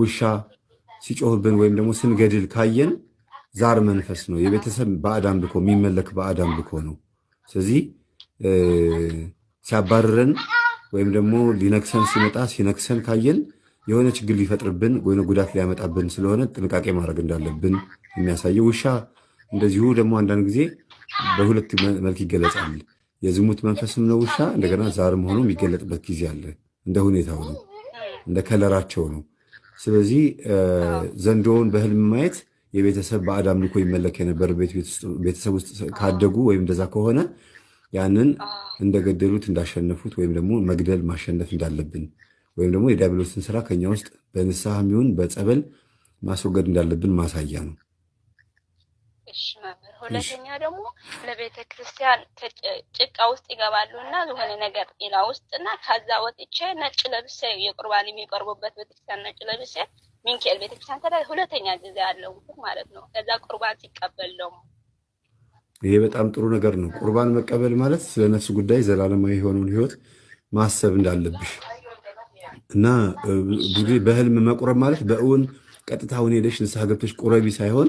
ውሻ ሲጮህብን ወይም ደግሞ ስንገድል ካየን ዛር መንፈስ ነው። የቤተሰብ ባዕድ አምልኮ የሚመለክ ባዕድ አምልኮ ነው። ስለዚህ ሲያባርረን ወይም ደግሞ ሊነክሰን ሲመጣ ሲነክሰን ካየን የሆነ ችግር ሊፈጥርብን ወይ ጉዳት ሊያመጣብን ስለሆነ ጥንቃቄ ማድረግ እንዳለብን የሚያሳየው ውሻ እንደዚሁ ደግሞ አንዳንድ ጊዜ በሁለት መልክ ይገለጻል። የዝሙት መንፈስም ነው ውሻ። እንደገና ዛር ሆኖ የሚገለጥበት ጊዜ አለ። እንደ ሁኔታው ነው፣ እንደ ከለራቸው ነው። ስለዚህ ዘንዶውን በህልም ማየት የቤተሰብ ባዕድ አምልኮ ይመለክ የነበር ቤተሰብ ውስጥ ካደጉ ወይም እንደዛ ከሆነ ያንን እንደገደሉት እንዳሸነፉት ወይም ደግሞ መግደል ማሸነፍ እንዳለብን ወይም ደግሞ የዲያብሎስን ስራ ከኛ ውስጥ በንስሐ የሚሆን በጸበል ማስወገድ እንዳለብን ማሳያ ነው። እሺ መምህር። ሁለተኛ ደግሞ ለቤተ ክርስቲያን ጭቃ ውስጥ ይገባሉ እና የሆነ ነገር ሌላ ውስጥ እና ከዛ ወጥቼ ነጭ ለብሴ የቁርባን የሚቀርቡበት ቤተክርስቲያን ነጭ ለብሴ ሚንኬል ቤተክርስቲያን ተዳ ሁለተኛ ጊዜ አለው ማለት ነው። ከዛ ቁርባን ሲቀበል ደግሞ ይሄ በጣም ጥሩ ነገር ነው። ቁርባን መቀበል ማለት ስለ ነፍስ ጉዳይ ዘላለማዊ የሆነውን ህይወት ማሰብ እንዳለብሽ እና በህልም መቁረብ ማለት በእውን ቀጥታ ሁን ሄደሽ ንስሐ ገብተሽ ቁረቢ ሳይሆን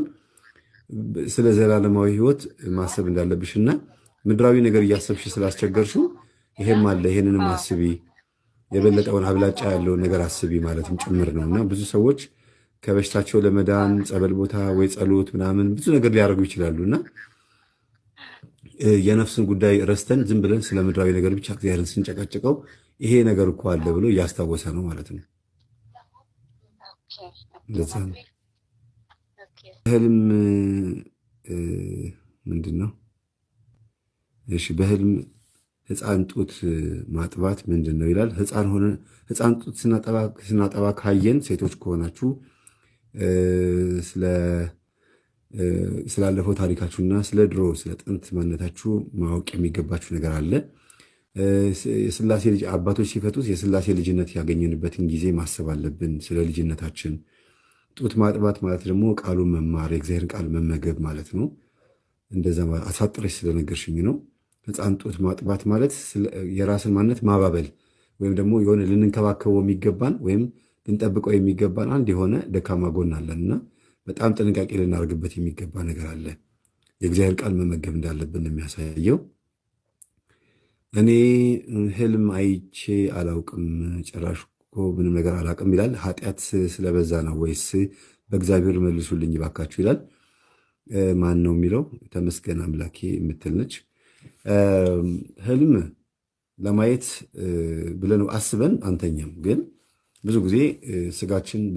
ስለ ዘላለማዊ ህይወት ማሰብ እንዳለብሽ እና ምድራዊ ነገር እያሰብሽ ስላስቸገርሹ ይሄም አለ ይሄንንም አስቢ፣ የበለጠውን አብላጫ ያለውን ነገር አስቢ ማለትም ጭምር ነው እና ብዙ ሰዎች ከበሽታቸው ለመዳን ጸበል ቦታ ወይ ጸሎት ምናምን ብዙ ነገር ሊያደርጉ ይችላሉ እና የነፍስን ጉዳይ ረስተን ዝም ብለን ስለ ምድራዊ ነገር ብቻ እግዚአብሔርን ስንጨቀጭቀው ይሄ ነገር እኮ አለ ብሎ እያስታወሰ ነው ማለት ነው። በህልም ምንድን ነው? እሺ በህልም ህፃን ጡት ማጥባት ምንድን ነው ይላል። ህፃን ጡት ስናጠባ ካየን ሴቶች ከሆናችሁ ስላለፈው ታሪካችሁና ስለ ድሮ ስለ ጥንት ማንነታችሁ ማወቅ የሚገባችሁ ነገር አለ። የስላሴ ልጅ አባቶች ሲፈቱት የስላሴ ልጅነት ያገኘንበትን ጊዜ ማሰብ አለብን። ስለ ልጅነታችን ጡት ማጥባት ማለት ደግሞ ቃሉን መማር የእግዚአብሔርን ቃል መመገብ ማለት ነው። እንደዛ አሳጥረሽ ስለነገርሽኝ ነው። ህፃን ጡት ማጥባት ማለት የራስን ማንነት ማባበል ወይም ደግሞ የሆነ ልንንከባከበው የሚገባን ወይም ልንጠብቀው የሚገባን አንድ የሆነ ደካማ ጎን አለን እና በጣም ጥንቃቄ ልናደርግበት የሚገባ ነገር አለ። የእግዚአብሔር ቃል መመገብ እንዳለብን የሚያሳየው። እኔ ህልም አይቼ አላውቅም ጭራሽ ምንም ነገር አላቅም ይላል። ኃጢአት ስለበዛ ነው ወይስ በእግዚአብሔር መልሱልኝ ይባካችሁ ይላል። ማን ነው የሚለው? ተመስገን አምላኬ የምትል ነች። ህልም ለማየት ብለን አስበን አንተኛም። ግን ብዙ ጊዜ ስጋችን